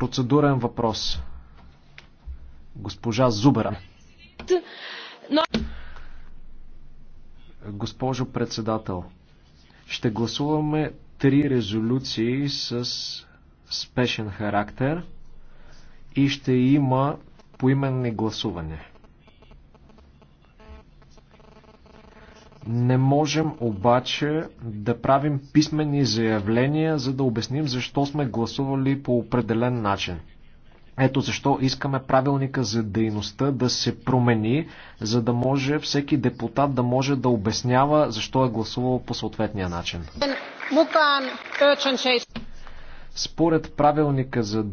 Процедурен въпрос. Госпожа Зубера. Госпожо председател, ще гласуваме три резолюции с спешен характер и ще има поименни гласувания. Не можем обаче да правим писмени заявления, за да обясним защо сме гласували по определен начин. Ето защо искаме правилника за дейността да се промени, за да може всеки депутат да може да обяснява защо е гласувал по съответния начин. Според правилника за